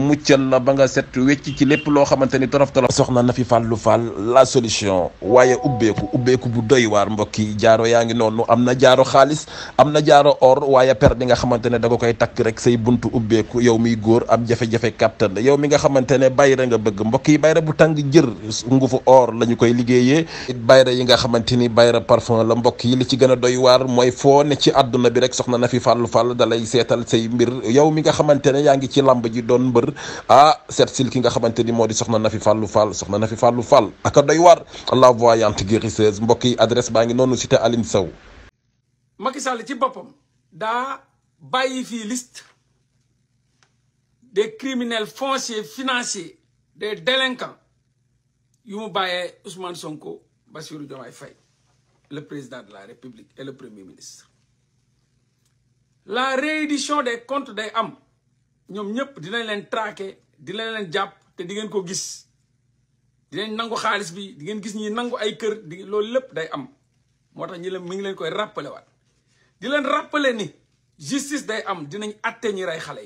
muccal la ba nga set wecc ci lépp loo xamante ni torof torof soxna na fi fàllu fàll la solution waaye ubbeeku ubbeeku bu doy waar mbokki jaaro yaa ngi noonu am na jaaro xaalis am na jaaro or waaye per bi nga xamante ne da nga koy takk rek say buntu ubbeeku yow miy góor am jafe-jafe kàttan yow mi nga xamante ne bayra nga bëgg mbokk yi bayra bu tàng jër ngufu or la koy liggéeyee it yi nga xamante ni bayra parfum la mbokk yi li ci gën a doy waar mooy foo ci àdduna bi rek soxna na fi fàllu fàll da lay seetal say mbir yow mi nga xamante ne yaa ngi ci lamb kër ah seet sil ki nga xamante ni moo di soxna Nafi Fallou Fall soxna Nafi Fallou Fall aka doy waar la voyante guérisseuse mbokk yi adresse baa ngi noonu cité Aline Sow Macky ci boppam daa bàyyi fii liste des criminels fonciers financiers des délinquants yu mu bàyyee Ousmane Sonko Bassirou Diomaye Faye le président de la République et le premier ministre la réédition des comptes day am ñoom ñëpp dinañ leen traqué dinañ leen jàpp te di ngeen ko gis dinañ nangu xaalis bi di ngeen gis ñi nangu ay kër di loolu lépp day am moo tax ñi leen mi ngi leen koy rappelé waat di leen rappelé ni justice day am dinañ atte ñi rey xale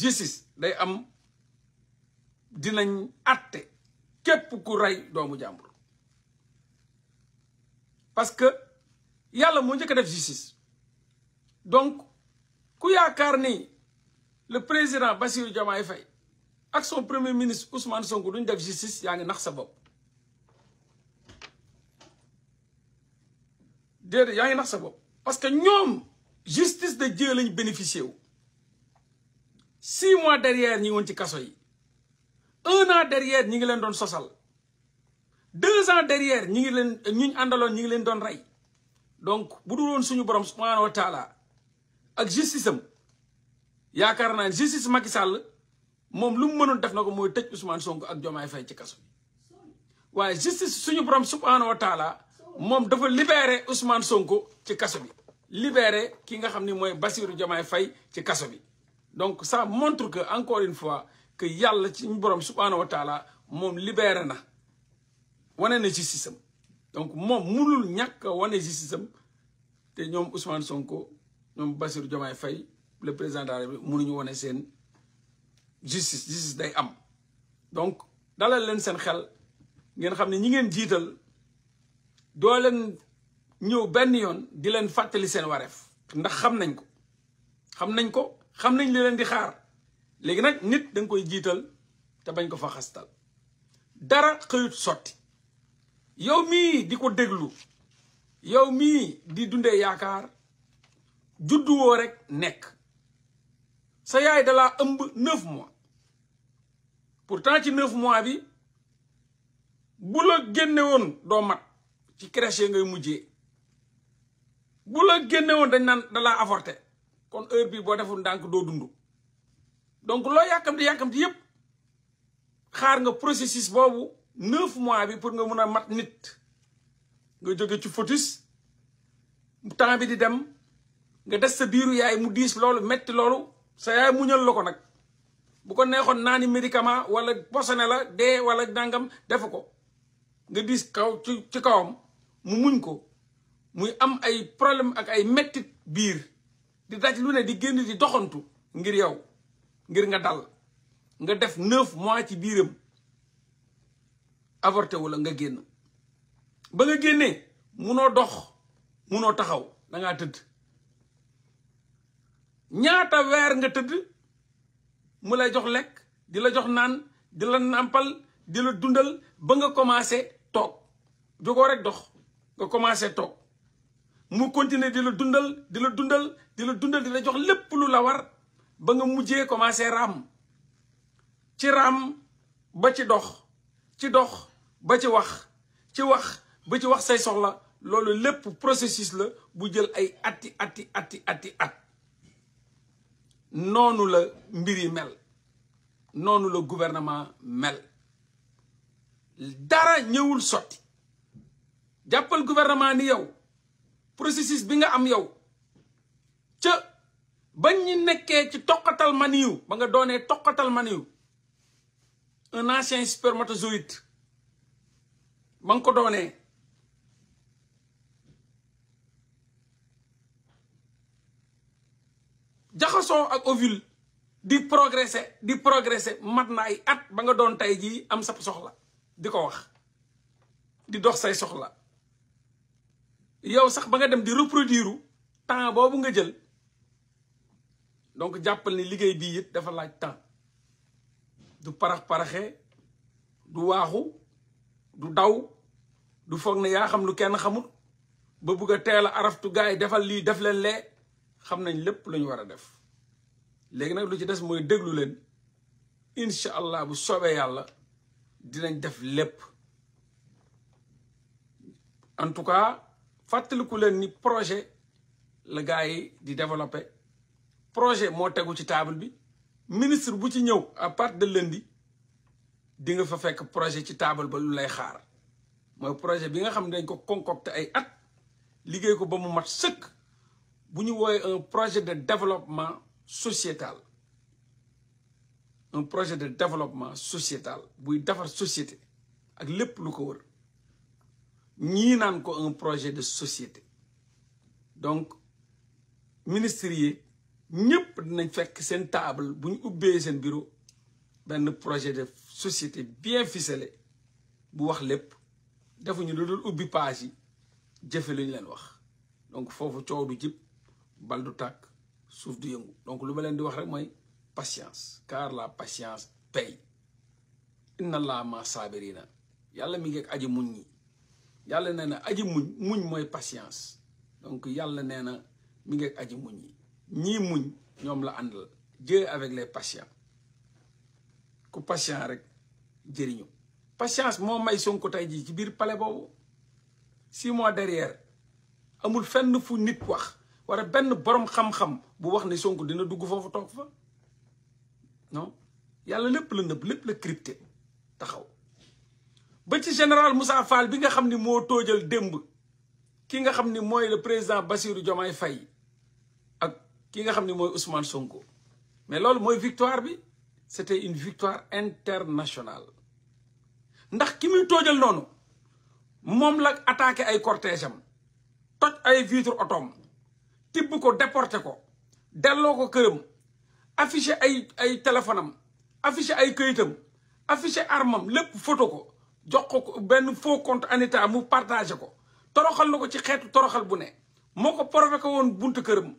yi day am dinañ atte képp ku rey doomu jàmbur parce que yàlla moo njëkk def justice donc ku yaakaar ni le président Bassirou Diomaye Faye ak son premier ministre Ousmane Sonko duñ def justice yaa ngi nax sa bopp déedéet yaa ngi nax sa bopp parce que ñoom justice de Dieu lañ bénéficié wu six mois derrière ñi woon ci kaso yi un an derrière ñi ngi leen doon sosal deux ans derrière ñi ngi leen ñuñ àndaloon ñi ngi leen doon rey donc bu dul woon suñu borom subhaanahu wa taala ak justice am yaakaar naa justice Macky sàll moom lu mu mënoon def na ko mooy tëj Ousmane Sonko ak Diomaye fay ci kaso bi waaye justice suñu borom subhanahu wa taala moom dafa libéré Ousmane Sonko ci kaso bi ki nga xam ni mooy Bassirou Diomaye fay ci kaso bi donc ça montre que encore une fois que yàlla ci ñu borom subhanahu wa taala moom libéré na wane na justice donc moom munul ñàkk wane justice te ñoom Ousmane Sonko. ñoom Bassirou Diomaye Faye le président de la République wane seen justice justice day am donc dalal leen seen xel ngeen xam ne ñi ngeen jiital doo leen ñëw benn yoon di leen fàttali seen wareef ndax xam nañ ko xam nañ ko xam nañ li leen di xaar léegi nag nit danga koy jiital te bañ ko fa xastal dara xëyut sotti yow mii di ko déglu yow mii di dundee yaakaar juddu woo rek nekk sa yaay dalaa ëmb neuf mois pour pourtant ci neuf mois bi bu la génne woon doo mat ci crèche ngay mujjee bu la génne dañ naan dalaa avorté kon heure bii boo deful ndànk doo dund donc loo yàkkamti yàkkamti yépp xaar nga processus boobu neuf mois bi pour nga mun a mat nit nga jóge ci fœtus temps bi di dem nga des sa biiru yaay mu diis loolu metti loolu sa yaay muñal la ko nag bu ko neexoon naani médicament wala posone la dee wala dàngam defu ko nga diis kaw ci ci kawam mu muñ ko muy am ay problème ak ay mettit biir di daj lu ne di génn di doxantu ngir yow ngir nga dal nga def neuf mois ci biiram avorté wu la nga génn ba nga génnee munoo dox munoo taxaw dangaa tëdd ñaata weer nga tëdd mu lay jox lekk di la jox naan di la nàmpal di la dundal ba nga commencé toog jógoo rek dox nga commencé toog mu continuer di la dundal di la dundal di la dundal di jox lépp lu la war ba nga mujjee commencé ràmm ci raam ba ci dox ci dox ba ci wax ci wax ba ci wax say soxla loolu lépp processus la bu jël ay atti atti atti atti at noonu la mbir yi mel noonu la gouvernement mel dara ñëwul sotti jàppal gouvernement ni yow processus bi nga am yow ca bañ ñi nekkee ci toqatal maniyu ba nga doonee toqatal maniyu un ancien spermatozoïde ba nga ko doonee jaxasoo ak ovule di progresser di progresser mat na ay at ba nga doon tey jii am sa soxla di ko wax di dox say soxla yow sax ba nga dem di reproduire temps boobu nga jël donc jàppal ni liggéey bii it dafa laaj temps du parax-paraxe du waaxu du daw du foog ne yaa xam lu kenn xamut ba bugg a teel araftu gars defal lii def leen lee xam nañ lépp lu ñu war a def léegi nag lu ci des mooy déglu leen incha allah bu soobee yàlla dinañ def lépp en tout cas fàttaliku leen ni projet la gars yi di développer projet moo tegu ci table bi ministre bu ci ñëw à partir de lundi di nga fa fekk projet ci table ba lu lay xaar mooy projet bi nga xam dañ ko concocté ay at liggéey ko ba mu mat sëkk bu ñu wooyee un projet de développement sociétal un projet de développement sociétal buy defar société ak lépp lu ko wër ñii naan ko un projet de société donc ministres yi ñëpp dinañ fekk seen table bu ñu ubbee seen bureau benn projet de société bien ficelé bu wax lépp defuñu lu dul ubbi page yi jëfe lu ñu leen wax donc foofu coow du jib bal du tàkk suuf du yëngu donc lu ma leen di wax rek mooy patience car la patience paye inna laa ma saabirina yàlla mi ngi ak aji muñ ñi yàlla nee na aji muñ mooy patience donc yàlla nee na mi ngi ak aji ñi ñii muñ ñoom la àndal Dieu avec les patients ku patient rek jëriñu patience moo may Sonko tey jii ci biir pale boobu six mois derrière amul fenn fu nit wax wala benn borom xam-xam bu wax ne Sonko dina dugg foofu toog fa non yàlla lépp la nëbb lépp la crypté taxaw ba ci général Moussa Fall bi nga xam ni moo toojal démb ki nga xam ni mooy le président Bassirou Diomaye fay ak ki nga xam ni mooy Ousmane Sonko mais loolu mooy victoire bi c'était une victoire internationale ndax ki muy toojal noonu moom la attaqué ay cortège am toj ay vitre otoom tibb ko déporté ko delloo ko këram affiché ay ay téléphone am affiché ay këyitam affiché armam lépp photo ko jox ko benn faux compte en mu partagé ko toroxal na ko ci xeetu toroxal bu ne moo ko ko woon buntu këram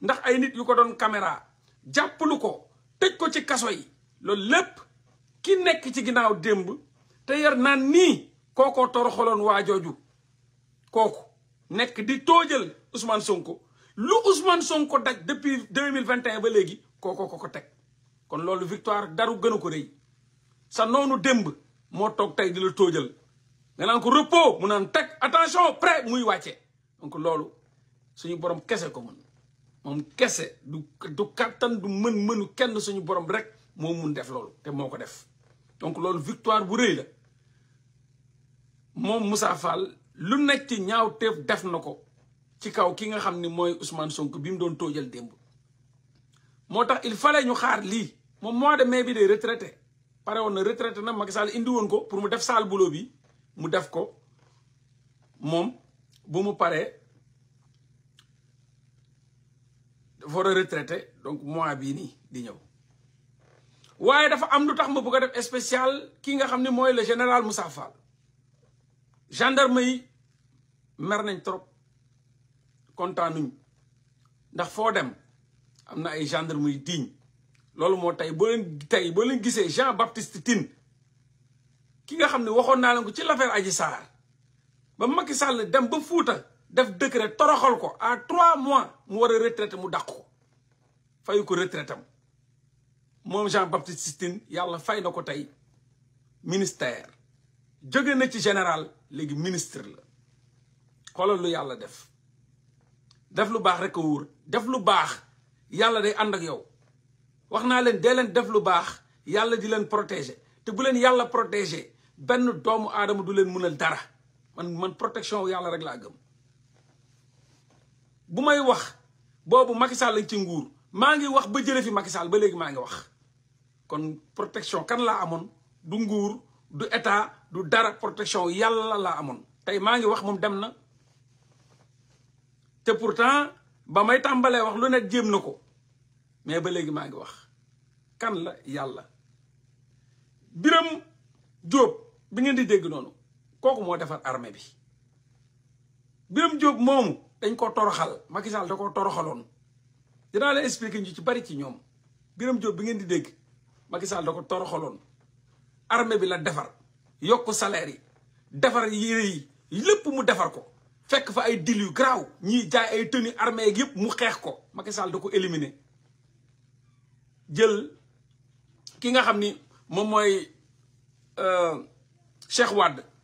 ndax ay nit yu ko doon caméra jàppalu ko téj ko ci kaso yi loolu lépp ki nekk ci ginnaaw démb te yar naan nii kookoo toroxaloon waajooju kooku nekk di toojal Ousmane Sonko lu Ousmane Sonko daj depuis deux mille vingt et ba léegi kooko ko ko teg kon loolu victoire daru gën a ko rëy sa noonu démb moo toog tey di la tóojal nga naan ko repos mu naan teg attention prêt muy wàcce donc loolu suñu borom kese ko mën moom kese du du kàttan du mën-mënu kenn suñu borom rek moo mun def loolu te moo ko def donc loolu victoire bu rëy la moom Moussa Fall lu nekk ci ñaaw teef def na ko ci kaw ki nga xam ni mooy Ousmane sonk bi mu doon tóojal démb moo tax il fallait ñu xaar lii moom mois de mai bi day retraité pare woon na retraité na Macky Sall indi woon ko pour mu def sale boulot bi mu def ko moom bu mu paree dafa retraité donc mois bii nii di ñëw waaye dafa am lu tax ma bëgg a def spécial ki nga xam ne mooy le général Moussa Fall gendarme yi mer nañ trop kontaanuñ ndax foo dem am na ay gendarme muy digne loolu moo tey boo leen tey boo leen gisee Jean baptist Tine ki nga xam ne waxoon naa leen ko ci l'affaire Adji Sarr ba Macky sàll dem ba Fuuta def décret toroxal ko à trois mois mu war a mu dax ko fayu ko retraitam moom Jean Baptiste Tine yàlla fay na ko tey ministère jóge na ci général léegi ministre la xoolal lu yàlla def def lu baax rek a def lu baax yàlla day ànd ak yow wax naa leen dee leen def lu baax yàlla di leen protéger te bu leen yàlla protéger benn doomu aadama du leen mënal dara man man protection yàlla rek laa gëm. bu may wax boobu Macky Sall lañ ci nguur maa ngi wax ba jëlee fi Macky Sall ba léegi maa ngi wax kon protection kan laa amoon du nguur du état du dara protection yàlla laa amoon tey maa ngi wax moom dem na. te pourtant ba may tàmbalee wax lu nekk jéem na ko mais ba léegi maa ngi wax kan la yàlla Biram Jóob bi ngeen di dégg noonu kooku moo defar armée bi Biram Jóob moomu dañ ko toroxal Macky Sall da ko toroxaloon dinaa la expliquer ñu ci bari ci ñoom Biram Jóob bi ngeen di dégg Macky Sall da ko toroxaloon armée bi la defar yokk salaire yi defar yére lépp mu defar ko fekk fa ay dil yu garaaw ñiy jaay ay tenue armée yëpp mu xeex ko Macky Sall da ko éliminer jël ki nga xam ni moom mooy euh, Cheikh Wade